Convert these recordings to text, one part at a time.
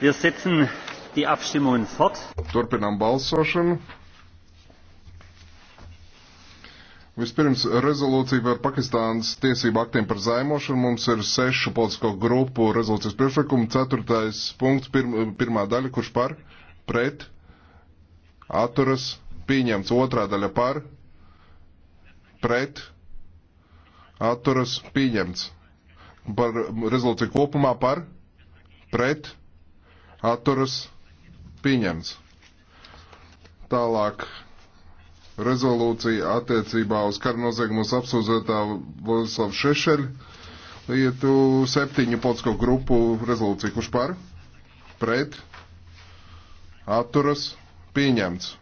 Wir setzen die Abstimmungen fort. Turpinām balsošanu. Vispirms rezolūcija par Pakistānas tiesību aktiem par zaimošanu. Mums ir sešu politisko grupu rezolūcijas priekšlikumu. Ceturtais punkts, pirm, pirmā daļa, kurš par, pret, atturas, pieņemts. Otrā daļa par, pret, atturas, pieņemts. Par rezolūciju kopumā par, pret, atturas pieņemts. Tālāk rezolūcija attiecībā uz karu noziegumus apsūdzētā Vladislavu Šešeļu lietu septiņu politisko grupu rezolūciju. Kurš par? Pret? Atturas? Pieņemts.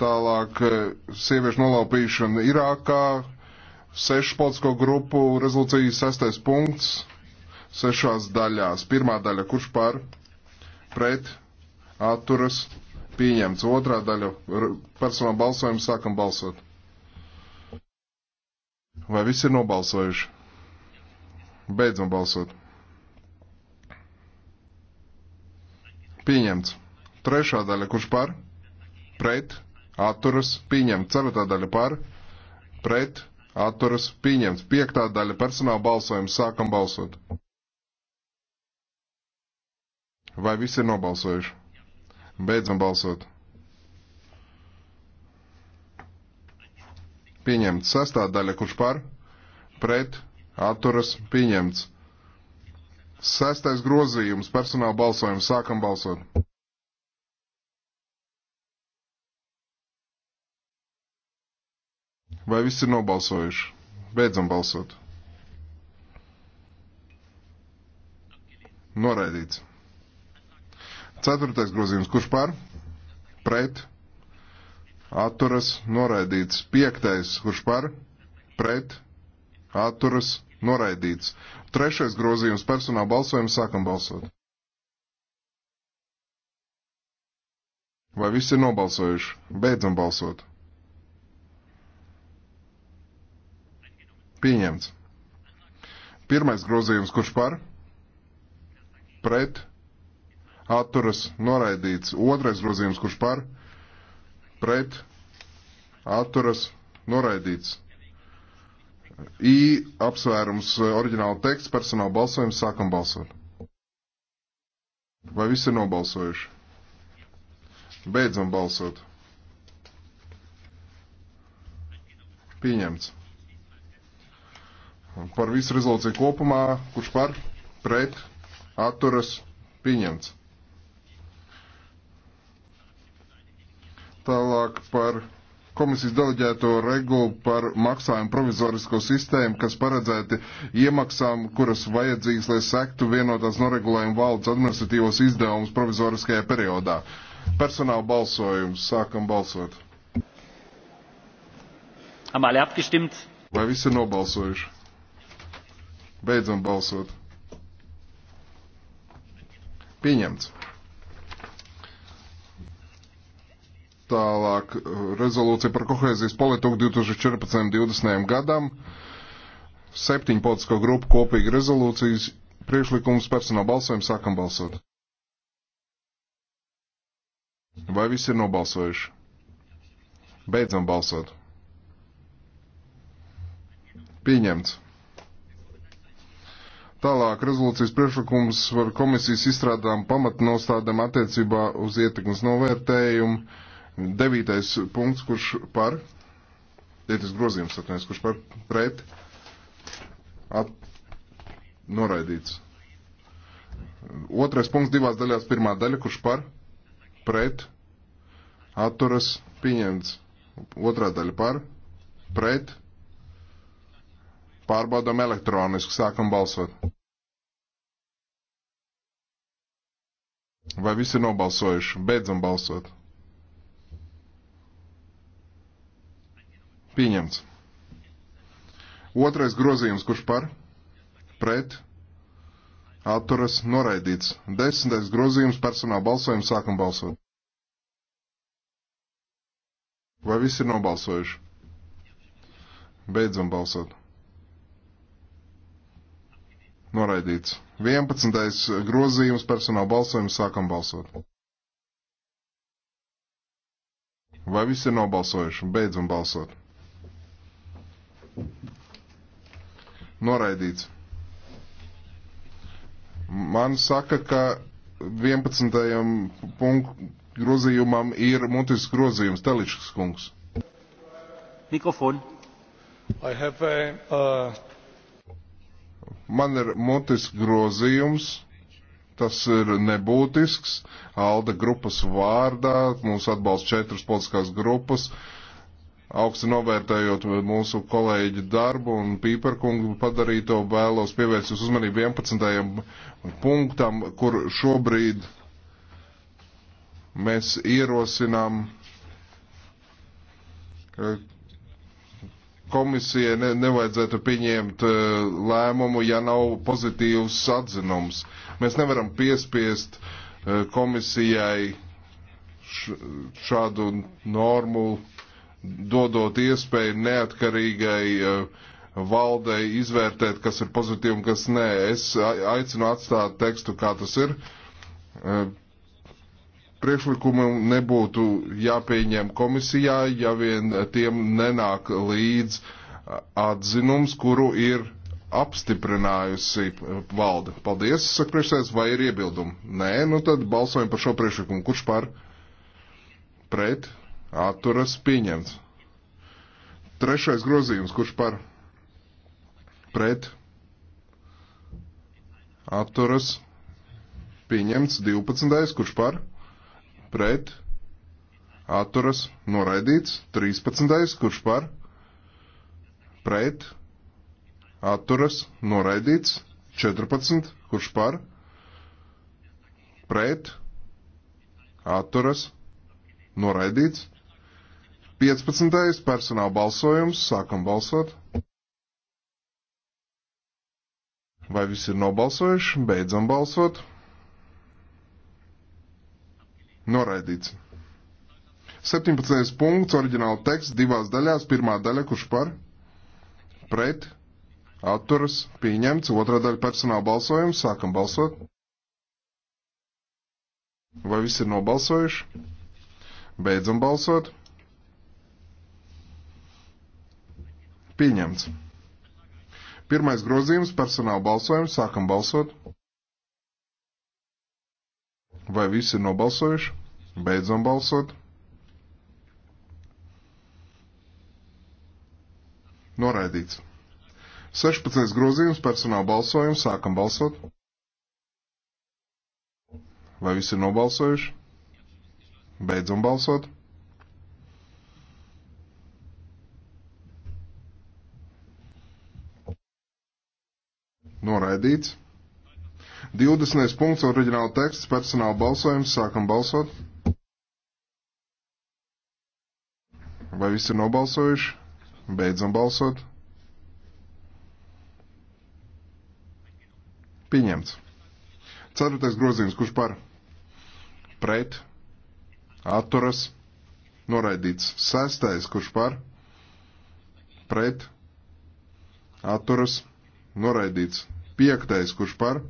Tālāk eh, sieviešu nolaupīšana Irākā. Sešu politisko grupu rezolūcija sestais punkts sešās daļās. Pirmā daļa, kurš par, pret, atturas, pieņemts. Otrā daļa, personāla balsojuma, sākam balsot. Vai visi ir nobalsojuši? Beidzam balsot. Pieņemts. Trešā daļa, kurš par, pret, atturas, pieņemts. Ceturtā daļa par, pret, atturas, pieņemts. Piektā daļa personāla balsojuma, sākam balsot. Vai visi ir nobalsojuši? Beidzam balsot. Pieņemts. Sestā daļa, kurš par? Pret. Atturas. Pieņemts. Sestais grozījums. Personāla balsojums. Sākam balsot. Vai visi ir nobalsojuši? Beidzam balsot. Noraidīts. Ceturtais grozījums, kurš par? Pret. Atturas noraidīts. Piektais, kurš par? Pret. Atturas noraidīts. Trešais grozījums personāla balsojums sākam balsot. Vai visi ir nobalsojuši? Beidzam balsot. Pieņemts. Pirmais grozījums, kurš par? Pret atturas noraidīts. Otrais grozījums, kurš par, pret, atturas noraidīts. I apsvērums eh, oriģināla teksts, personāla balsojums, sākam balsot. Vai visi ir nobalsojuši? Beidzam balsot. Pieņemts. Par visu rezolūciju kopumā, kurš par, pret, atturas, pieņemts. Tālāk par komisijas deleģēto regulu par maksājumu provizorisko sistēmu, kas paredzēti iemaksām, kuras vajadzīgas, lai sektu vienotās noregulējuma valdes administratīvos izdevumus provizoriskajā periodā. Personāla balsojums. Sākam balsot. Vai visi ir nobalsojuši? Beidzam balsot. Pieņemts. Tālāk eh, rezolūcija par kohēzijas politiku 2014-2020 gadam. Septiņu politisko grupu kopīgi rezolūcijas priekšlikums personāla balsojumu sākam balsot. Vai visi ir nobalsojuši? Beidzam balsot. Pieņemts. Tālāk rezolūcijas priekšlikums par komisijas izstrādām pamatnostādēm attiecībā uz ietekmes novērtējumu Devītais punkts, kurš par, tētis grozījums atnēs, kurš par pret, at, noraidīts. Otrais punkts divās daļās, pirmā daļa, kurš par, pret, atturas, pieņemts. Otrā daļa par, pret, pārbaudam elektroniski, sākam balsot. Vai visi ir nobalsojuši? Beidzam balsot. Pieņemts. Otrais grozījums, kurš par? Pret. Atturas noraidīts. Desmitais grozījums personāla balsojums sākam balsot. Vai visi ir nobalsojuši? Beidzam balsot. Noraidīts. 11. grozījums personāla balsojums sākam balsot. Vai visi ir nobalsojuši? Beidzam balsot. Noraidīts. Man saka, ka 11. punktu grozījumam ir mutisks grozījums, Teliškas kungs. Mikrofon. I have a, uh... Man ir mutisks grozījums, tas ir nebūtisks. Alda grupas vārdā mūs atbalsta četras politiskās grupas. Uh, augstu novērtējot mūsu kolēģi darbu un Pīperkungu padarīto, vēlos pievērst jūs uzmanību 11. punktam, kur šobrīd mēs ierosinām komisijai ne, nevajadzētu pieņemt e, lēmumu, ja nav pozitīvs atzinums. Mēs nevaram piespiest e, komisijai šādu normu dodot iespēju neatkarīgai eh, valdei izvērtēt, kas ir pozitīvi un kas nē. Es aicinu atstāt tekstu, kā tas ir. Eh, priekšlikumu nebūtu jāpieņem komisijā, ja vien tiem nenāk līdz atzinums, kuru ir apstiprinājusi valde. Paldies, saka priekšsēdētājs, vai ir iebildumi? Nē, nu tad balsojam par šo priekšlikumu. Kurš par? Pret? Atturas pieņemts. Trešais grozījums, kurš par pret atturas pieņemts 12. kurš par pret atturas noraidīts 13. kurš par pret atturas noraidīts 14. kurš par pret atturas noraidīts 15. personāla balsojums. Sākam balsot. Vai visi ir nobalsojuši? Beidzam balsot. Noraidīts. 17. punkts, oriģināla teksts, divās daļās. Pirmā daļa, kurš par? Pret. Atturas. Pieņemts. Otra daļa personāla balsojums. Sākam balsot. Vai visi ir nobalsojuši? Beidzam balsot. Pieņemts. Pirmais grozījums - personāla balsojums. Sākam balsot. Vai visi ir nobalsojuši? Beidzam balsot. Noraidīts. 16. grozījums personāla balsojums. Sākam balsot. Vai visi ir nobalsojuši? Beidzam balsot. Noraidīts. 20. punkts, oriģināla teksts, personāla balsojums, sākam balsot. Vai visi ir nobalsojuši? Beidzam balsot. Pieņemts. Ceturtais grozījums, kurš par? Pret. Atturas. Noraidīts. Sestais, kurš par? Pret. Atturas. Noraidīts. Piektais, kurš par?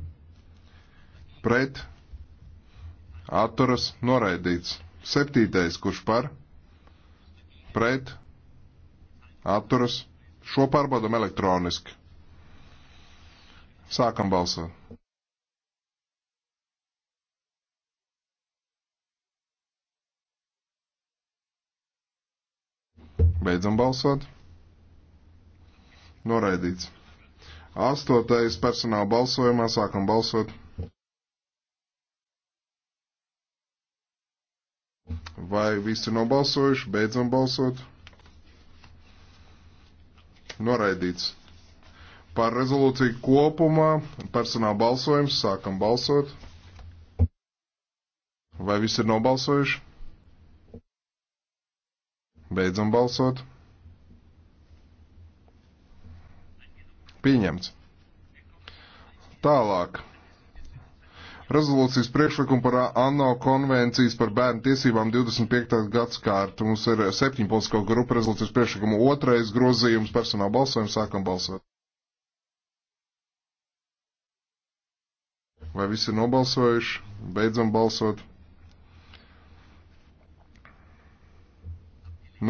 Pret. Atturas noraidīts. Septītais, kurš par? Pret. Atturas. Šo pārbaudam elektroniski. Sākam balsot. Beidzam balsot. Noraidīts. Astotais personāla balsojumā sākam balsot. Vai visi ir nobalsojuši? Beidzam balsot. Noraidīts. Par rezolūciju kopumā personāla balsojums sākam balsot. Vai visi ir nobalsojuši? Beidzam balsot. Pieņemts. Tālāk. Rezolūcijas priekšlikumu par ANO konvencijas par bērnu tiesībām 25. gads kārtu. Mums ir septiņpolsko grupa rezolūcijas priekšlikumu otrais grozījums personāla balsojums. Sākam balsot. Vai visi ir nobalsojuši? Beidzam balsot.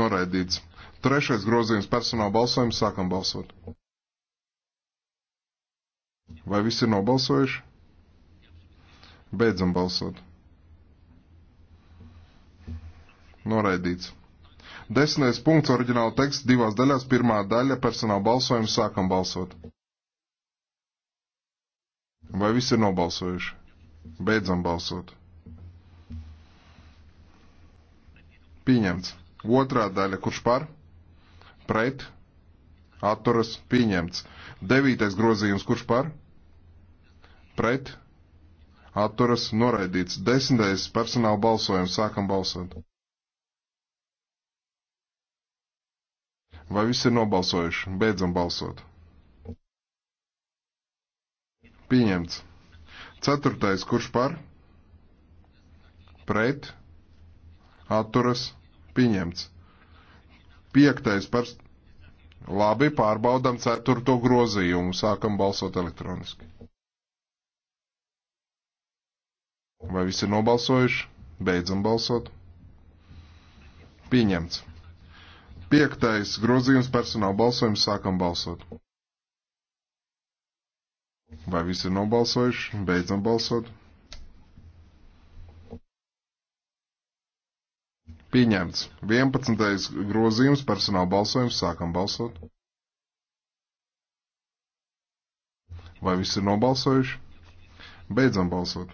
Noraidīts. Trešais grozījums personāla balsojums. Sākam balsot. Vai visi ir nobalsojuši? Beidzam balsot. Noraidīts. Desmitais punkts oriģināla teksts divās daļās. Pirmā daļa personāla balsojums sākam balsot. Vai visi ir nobalsojuši? Beidzam balsot. Pieņemts. Otrā daļa, kurš par? Pret? Atturas pieņemts. Devītais grozījums, kurš par? pret, atturas noraidīts. Desmitais personāla balsojums. Sākam balsot. Vai visi ir nobalsojuši? Beidzam balsot. Pieņemts. Ceturtais, kurš par? Pret. Atturas. Pieņemts. Piektais par. Labi, pārbaudam ceturto grozījumu. Sākam balsot elektroniski. Vai visi ir nobalsojuši? Beidzam balsot. Pieņemts. Piektais grozījums personāla balsojums sākam balsot. Vai visi ir nobalsojuši? Beidzam balsot. Pieņemts. 11. grozījums personāla balsojums sākam balsot. Vai visi ir nobalsojuši? Beidzam balsot.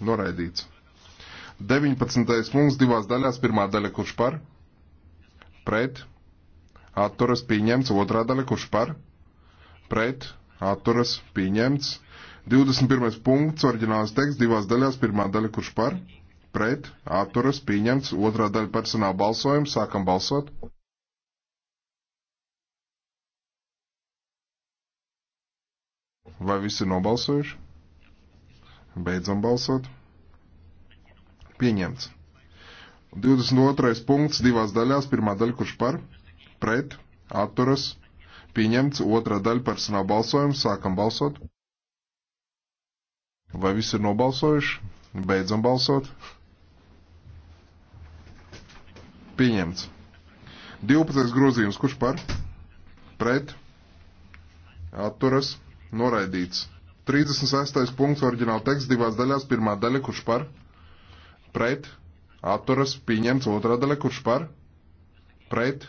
Noraidīts. 19. punkts divās daļās. Pirmā daļa kurš par? Pret. Atturas pieņemts. Otrā daļa kurš par? Pret. Atturas pieņemts. 21. punkts oriģināls teksts divās daļās. Pirmā daļa kurš par? Pret. Atturas pieņemts. Otrā daļa personāla balsojums. Sākam balsot. Vai visi nobalsojuši? Beidzam balsot. Pieņemts. 22. punkts divās daļās. Pirmā daļa, kurš par, pret, atturas, pieņemts. Otrā daļa personāla balsojums. Sākam balsot. Vai visi ir nobalsojuši? Beidzam balsot. Pieņemts. 12. grozījums, kurš par, pret, atturas, noraidīts. 36. punkts, oriģināla teksts divās daļās. Pirmā daļa, kurš par? Pret. Atturas. Pieņemts. Otrā daļa, kurš par? Pret.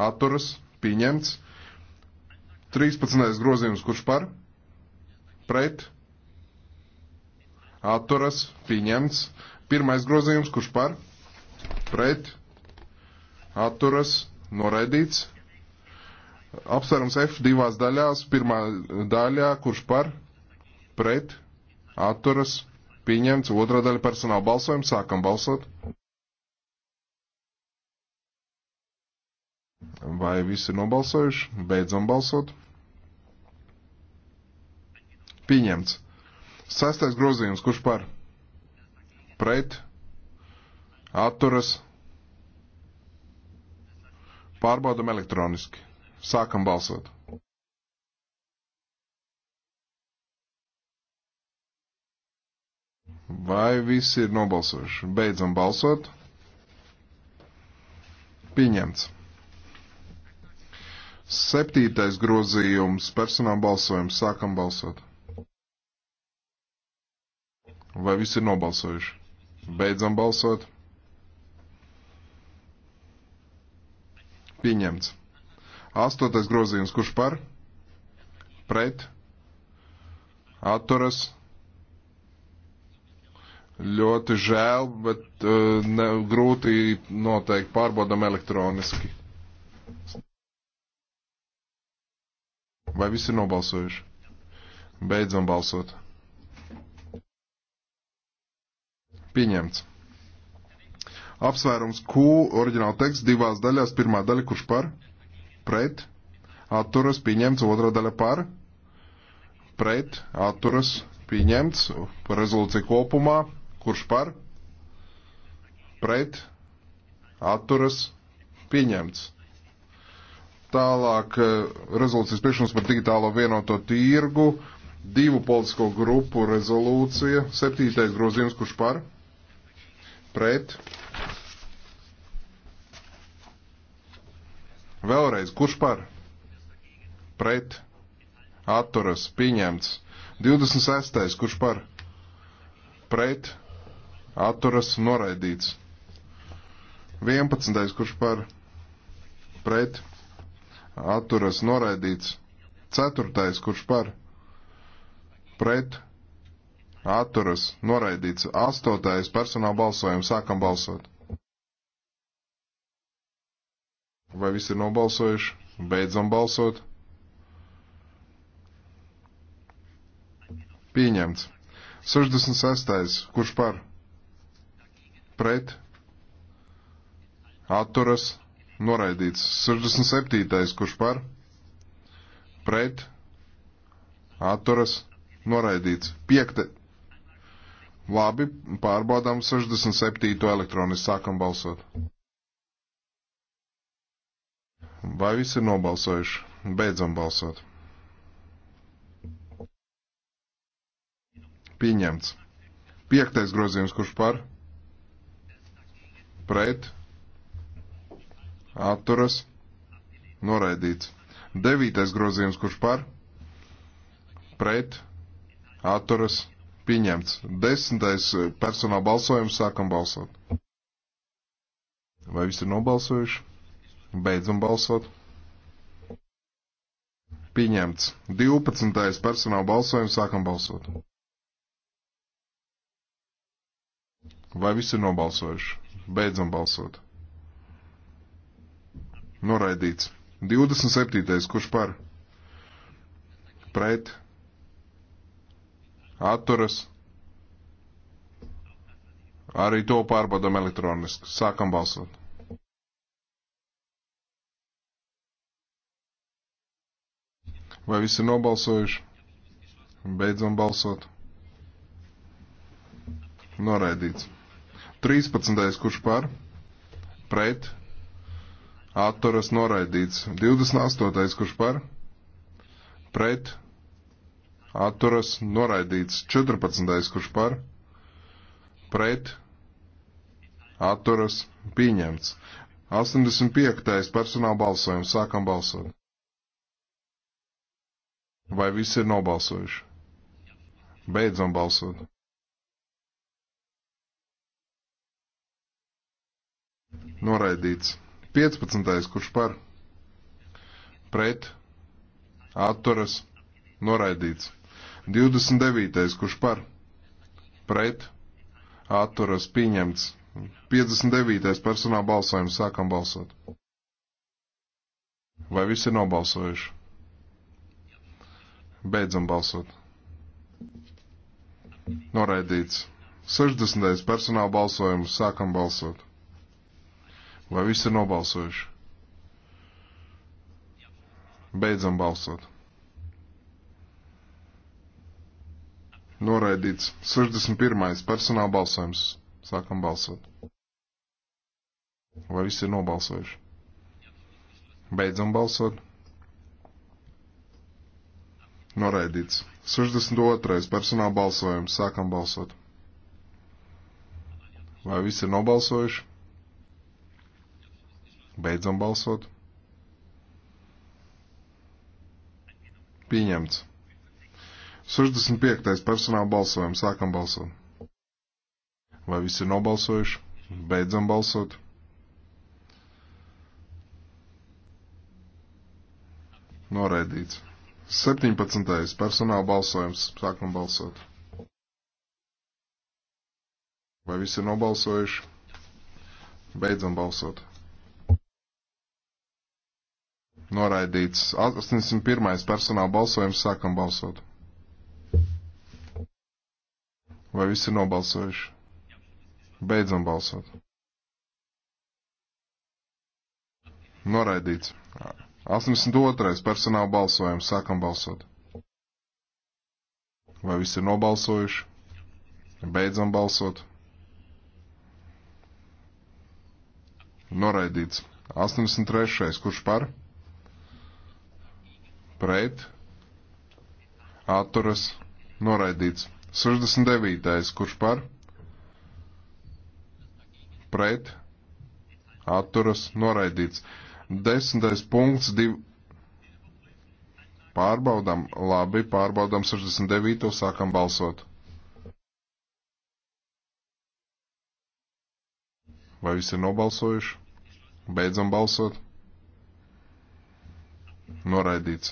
Atturas. Pieņemts. 13. grozījums, kurš par? Pret. Atturas. Pieņemts. Pirmais grozījums, kurš par? Pret. Atturas. Noraidīts. Apsvērums F divās daļās. Pirmā daļā, kurš par? pret, atturas, pieņemts. Otrā daļa personāla balsojuma. Sākam balsot. Vai visi ir nobalsojuši? Beidzam balsot. Pieņemts. Sastais grozījums. Kurš par? Pret, atturas. Pārbaudam elektroniski. Sākam balsot. Vai visi ir nobalsojuši? Beidzam balsot. Pieņemts. Septītais grozījums personām balsojums. Sākam balsot. Vai visi ir nobalsojuši? Beidzam balsot. Pieņemts. Astotais grozījums. Kurš par? Pret? Atturas? Ļoti žēl, bet uh, ne, grūti noteikti pārbaudam elektroniski. Vai visi ir nobalsojuši? Beidzam balsot. Pieņemts. Apsvērums Q, oriģināla teksts divās daļās. Pirmā daļa, kurš par? Pret. Atturas, pieņemts. Otra daļa par? Pret. Atturas, pieņemts. Par rezolūciju kopumā. Kurš par? Pret? Atturas? Pieņemts. Tālāk eh, rezolūcijas priekšums par digitālo vienoto tirgu. Divu politisko grupu rezolūcija. Septītais grozījums, kurš par? Pret? Vēlreiz, kurš par? Pret? Atturas? Pieņemts. 26. kurš par? Pret? atturas noraidīts. 11. kurš par pret atturas noraidīts. 4. kurš par pret atturas noraidīts. 8. personāla balsojums sākam balsot. Vai visi ir nobalsojuši? Beidzam balsot. Pieņemts. 66. Kurš par? pret atturas noraidīts. 67. kurš par pret atturas noraidīts. 5. Labi, pārbaudām 67. elektronis, sākam balsot. Vai visi ir nobalsojuši? Beidzam balsot. Pieņemts. Piektais grozījums, kurš par? pret, atturas, noraidīts. Devītais grozījums, kurš par, pret, atturas, pieņemts. Desmitais personāla balsojums, sākam balsot. Vai visi ir nobalsojuši? Beidzam balsot. Pieņemts. 12. personāla balsojums, sākam balsot. Vai visi ir nobalsojuši? Beidzam balsot. Noraidīts. 27. Kurš par? Pret. Atturas. Arī to pārbaudam elektroniski. Sākam balsot. Vai visi nobalsojuši? Beidzam balsot. Noraidīts. 13. kurš par, pret, atturas noraidīts. 28. kurš par, pret, atturas noraidīts. 14. kurš par, pret, atturas pieņemts. 85. personāla balsojums. Sākam balsot. Vai visi ir nobalsojuši? Beidzam balsot. Noraidīts. 15. kurš par? Pret. Atturas. Noraidīts. 29. kurš par? Pret. Atturas. Pieņemts. 59. personāla balsojums. Sākam balsot. Vai visi ir nobalsojuši? Beidzam balsot. Noraidīts. 60. personāla balsojums. Sākam balsot. Vai visi ir nobalsojuši? Beidzam balsot. Noraidīts 61. personāla balsojums. Sākam balsot. Vai visi ir nobalsojuši? Beidzam balsot. Noraidīts 62. personāla balsojums. Sākam balsot. Vai visi ir nobalsojuši? Beidzam balsot. Pieņemts. 65. personāla balsojums. Sākam balsot. Vai visi ir nobalsojuši? Beidzam balsot. Noraidīts. 17. personāla balsojums. Sākam balsot. Vai visi ir nobalsojuši? Beidzam balsot. Noraidīts. 81. personāla balsojums. Sākam balsot. Vai visi ir nobalsojuši? Beidzam balsot. Noraidīts. 82. personāla balsojums. Sākam balsot. Vai visi ir nobalsojuši? Beidzam balsot. Noraidīts. 83. Kurš par? pret, atturas, noraidīts. 69. kurš par, pret, atturas, noraidīts. 10. punkts, 2. Pārbaudām, labi, pārbaudām 69. sākam balsot. Vai visi ir nobalsojuši? Beidzam balsot. Noraidīts.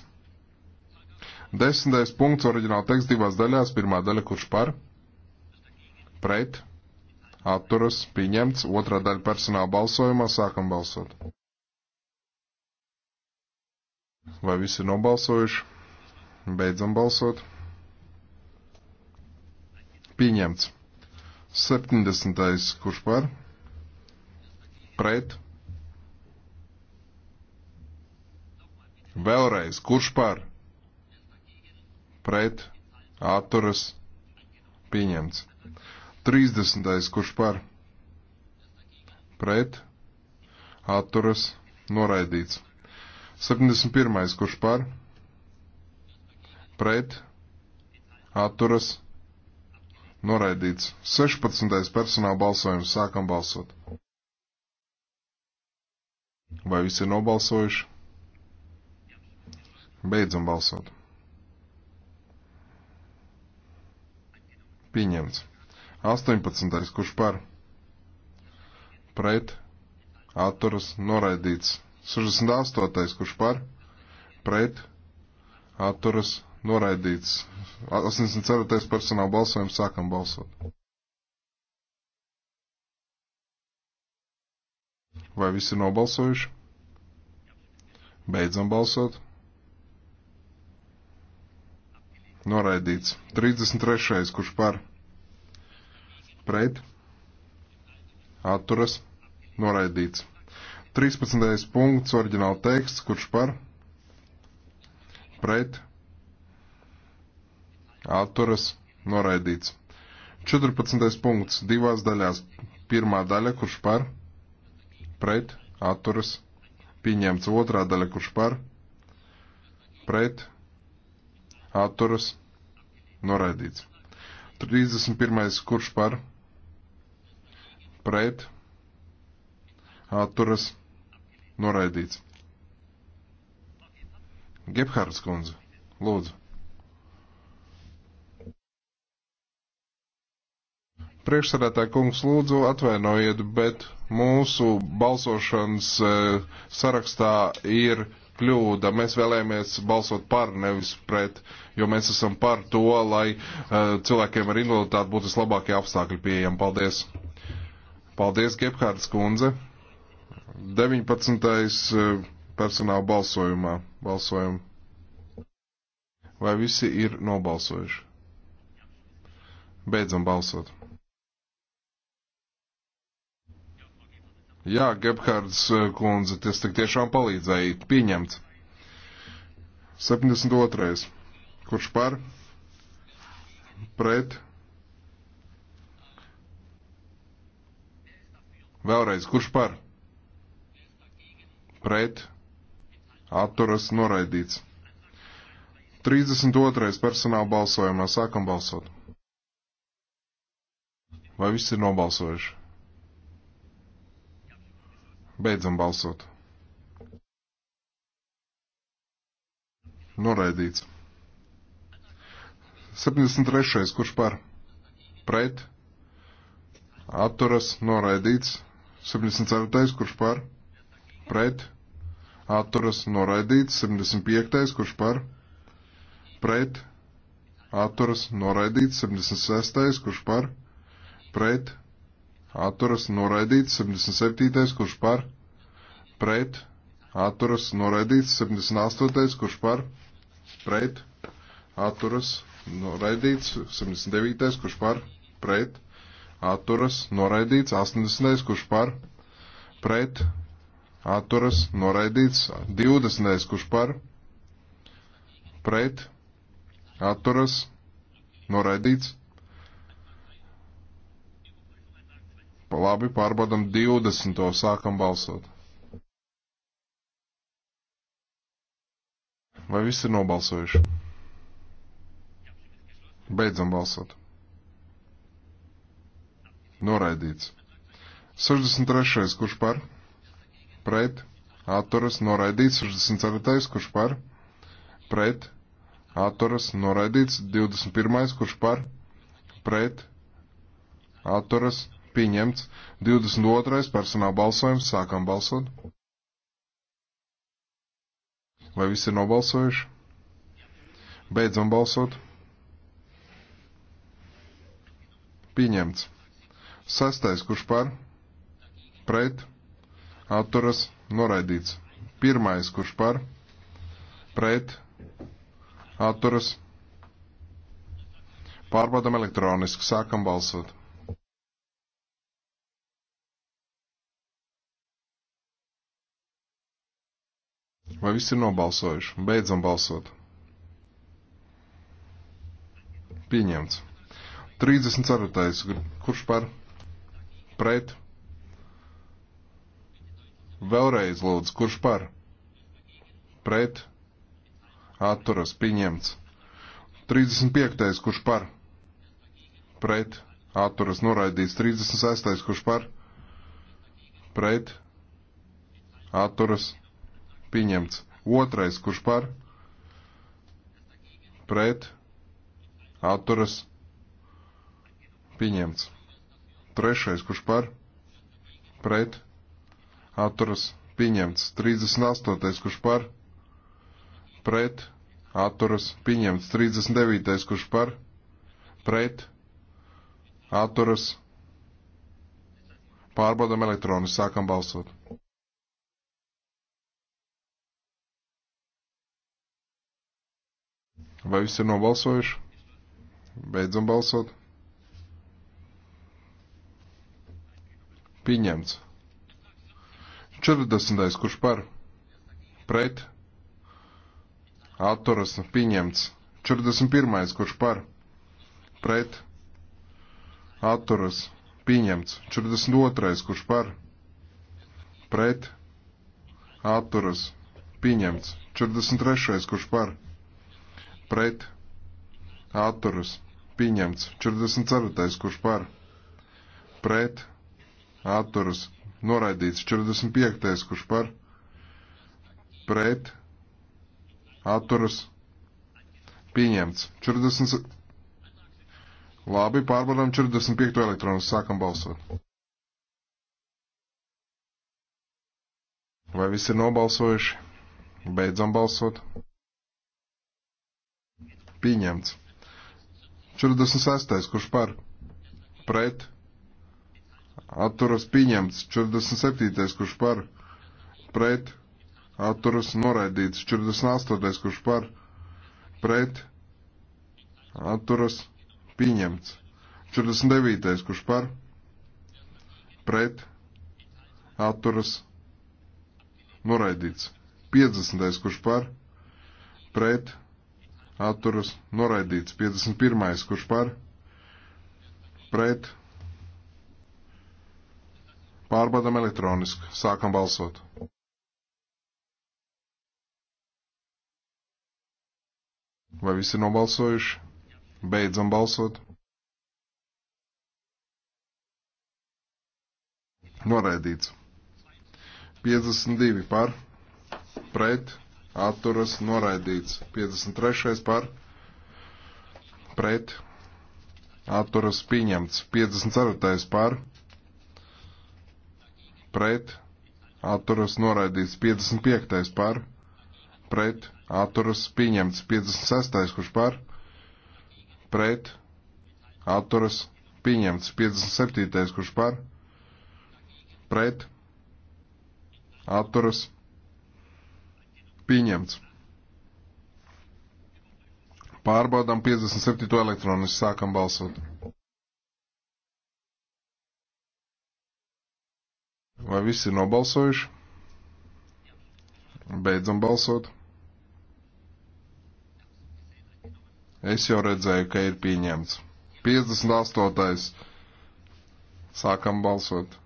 Desmitais punkts, oriģināla teksts divās daļās. Pirmā daļa, kurš par, pret, atturas, pieņemts. Otrā daļa personāla balsojumā, sākam balsot. Vai visi ir nobalsojuši? Beidzam balsot. Pieņemts. 70. kurš par? Pret. Vēlreiz, kurš par? pret, atturas, pieņemts. 30. kurš par, pret, atturas, noraidīts. 71. kurš par, pret, atturas, noraidīts. 16. personāla balsojums, sākam balsot. Vai visi ir nobalsojuši? Beidzam balsot. Pieņemts. 18. kurš par pret atturas noraidīts. 68. kurš par pret atturas noraidīts. 84. personāla balsojums sākam balsot. Vai visi ir nobalsojuši? Beidzam balsot. Noraidīts. 33. kurš par? Pret. Atturas. Noraidīts. 13. punkts, oriģināla teksts, kurš par? Pret. Atturas. Noraidīts. 14. punkts, divās daļās. Pirmā daļa, kurš par? Pret. Atturas. Pieņemts. Otrā daļa, kurš par? Pret atturas noraidīts. 31. kurš par pret atturas noraidīts. Gebhards kundze, lūdzu. priekšsēdētāja kungs, lūdzu atvainojiet, bet mūsu balsošanas eh, sarakstā ir kļūda. Mēs vēlējāmies balsot par, nevis pret, jo mēs esam par to, lai uh, cilvēkiem ar invaliditāti būtu vislabākie apstākļi pieejami. Paldies! Paldies, Gebhārds kundze! 19. Eh, personāla balsojumā balsojam. Vai visi ir nobalsojuši? Beidzam balsot. Jā, Gebhards eh, kundze, tas tik tiešām palīdzēja. Pieņemts. 72. Kurš par? Pret? Vēlreiz, kurš par? Pret? Atturas noraidīts. 32. personāla balsojumā sākam balsot. Vai viss ir nobalsojuši? Beidzam balsot. Noraidīts. 73. Kurš par? Pret. Atturas. Noraidīts. 74. Kurš par? Pret. Atturas. Noraidīts. 75. Kurš par? Pret. Atturas. Noraidīts. 76. Kurš par? Pret atturas noraidīts 77. kurš par pret atturas noraidīts 78. kurš par pret atturas noraidīts 79. kurš par pret atturas noraidīts 80. kurš par pret atturas noraidīts 20. kurš par pret atturas noraidīts Labi, pārbaudam 20. sākam balsot. Vai visi ir nobalsojuši? Beidzam balsot. Noraidīts. 63. kurš par? Pret. Atturas noraidīts. 64. kurš par? Pret. Atturas noraidīts. 21. kurš par? Pret. Atturas Pieņemts. 22. personāla balsojums. Sākam balsot. Vai visi ir nobalsojuši? Beidzam balsot. Pieņemts. Sastais, kurš par? Pret. Atturas. Noraidīts. Pirmais, kurš par? Pret. Atturas. Pārbaudam elektroniski. Sākam balsot. Vai viss ir nobalsojuši? Beidzam balsot. Pieņemts. 34. Kurš par? Pret? Vēlreiz lūdzu, kurš par? Pret? Atturas. Pieņemts. 35. Kurš par? Pret? Atturas. Noraidīts. 36. Kurš par? Pret? Atturas pieņemts. Otrais, kurš par, pret, atturas, pieņemts. Trešais, kurš par, pret, atturas, pieņemts. 38. kurš par, pret, atturas, pieņemts. 39. kurš par, pret, atturas, pārbaudam elektronu, sākam balsot. Vai viss ir nobalsojuši? Beidzam balsot. Pieņemts. 40. kurš par? Pret? Atturas pieņemts. 41. kurš par? Pret? Atturas pieņemts. 42. kurš par? Pret? Atturas pieņemts. 43. kurš par? pret atturas pieņemts. 44. kurš par pret atturas noraidīts. 45. kurš par pret atturas pieņemts. 40... Labi, pārbaudām 45. elektronus, sākam balsot. Vai visi ir nobalsojuši? Beidzam balsot. Pieņemts. 46. Kurš par? Pret. Atturas pieņemts. 47. Kurš par? Pret. Atturas noraidīts. 48. Kurš par? Pret. Atturas pieņemts. 49. Kurš par? Pret. Atturas noraidīts. 50. Kurš par? Pret atturas noraidīts. 51. kurš par pret pārbaudam elektroniski. Sākam balsot. Vai visi ir nobalsojuši? Beidzam balsot. Noraidīts. 52 par pret atturas noraidīts. 53. par pret atturas pieņemts. 54. par pret atturas noraidīts. 55. par pret atturas pieņemts. 56. kurš par pret atturas pieņemts. 57. kurš par pret atturas pieņemts Pieņemts. Pārbaudām 57. elektroniski sākam balsot. Vai visi ir nobalsojuši? Beidzam balsot. Es jau redzēju, ka ir pieņemts. 58. Sākam balsot.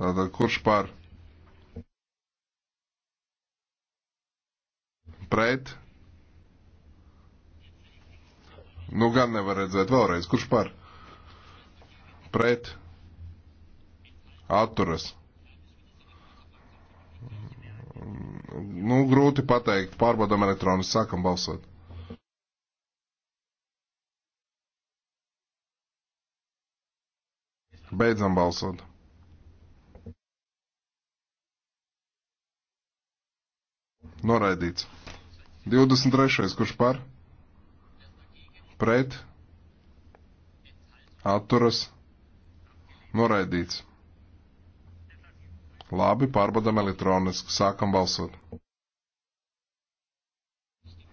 Tātad kurš par? Pret? Nu gan nevar redzēt vēlreiz. Kurš par? Pret? Atturas. Nu, grūti pateikt. Pārbaudam elektronus. Sākam balsot. Beidzam balsot. Noraidīts. 23. kurš par? Pret? Atturas? Noraidīts. Labi, pārbaudam elektroniski. Sākam balsot.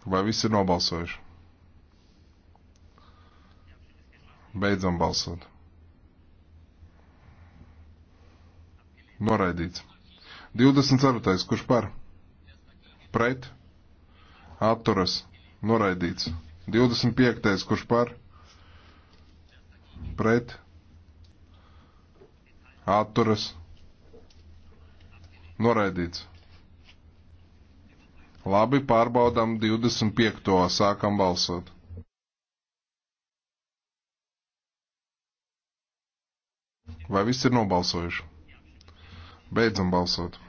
Vai visi ir nobalsojuši? Beidzam balsot. Noraidīts. 24. Kurš par? Pret? atturas noraidīts. 25. kurš par pret atturas noraidīts. Labi, pārbaudām 25. sākam balsot. Vai viss ir nobalsojuši? Beidzam balsot.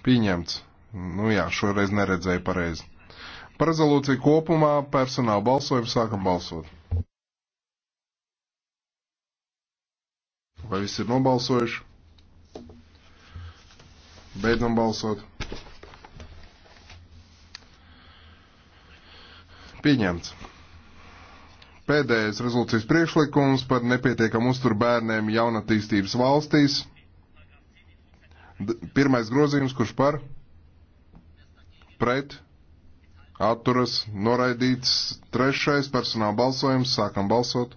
Pieņemts. Nu jā, šoreiz neredzēju pareizi. Par rezolūciju kopumā personāla balsojumu sākam balsot. Vai visi ir nobalsojuši? Beidzam balsot. Pieņemts. Pēdējais rezolūcijas priekšlikums par nepietiekamu uzturu bērniem jaunatīstības valstīs Pirmais grozījums, kurš par? Pret? Atturas noraidīts. Trešais personāla balsojums. Sākam balsot.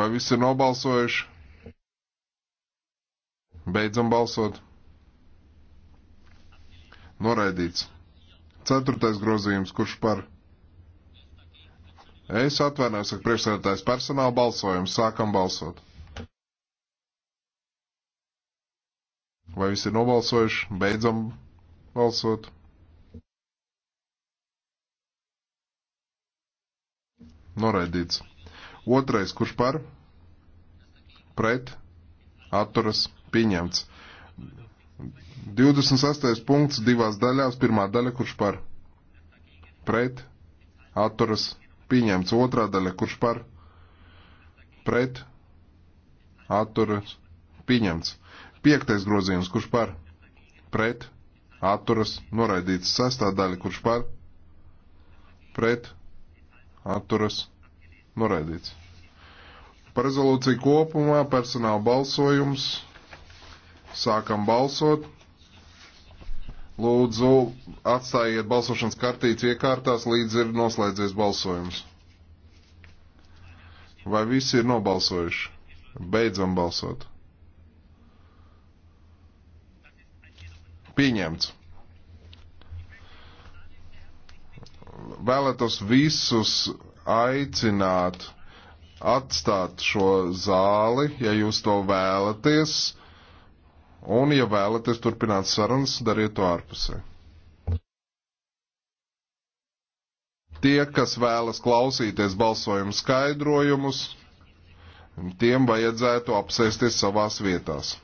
Vai visi ir nobalsojuši? Beidzam balsot. Noraidīts. Ceturtais grozījums, kurš par? Es atvainojos, ka priekšsēdētājs personāla balsojums. Sākam balsot. Vai visi ir nobalsojuši? Beidzam balsot. Noraidīts. Otrais, kurš par? Pret. Atturas. Pieņemts. 26. punkts divās daļās. Pirmā daļa, kurš par? Pret. Atturas pieņemts. Otrā daļa, kurš par pret atturas pieņemts. Piektais grozījums, kurš par pret atturas noraidīts. Sestā daļa, kurš par pret atturas noraidīts. Par rezolūciju kopumā personāla balsojums. Sākam balsot. Lūdzu, atstājiet balsošanas kartītes iekārtās, līdz ir noslēdzies balsojums. Vai visi ir nobalsojuši? Beidzam balsot. Pieņemts. Vēlētos visus aicināt atstāt šo zāli, ja jūs to vēlaties Un, ja vēlaties turpināt sarunas, dariet to ārpusē. Tie, kas vēlas klausīties balsojumu skaidrojumus, tiem vajadzētu apsēsties savās vietās.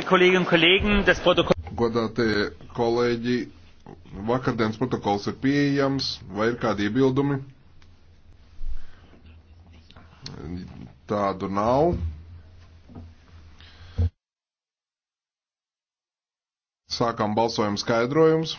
liebe Kolleginnen und Kollegen, das Protokoll. Godātie kolēģi, vakardienas protokols ir pieejams, vai ir kādi iebildumi? Tādu nav. Sākam balsojumu skaidrojums.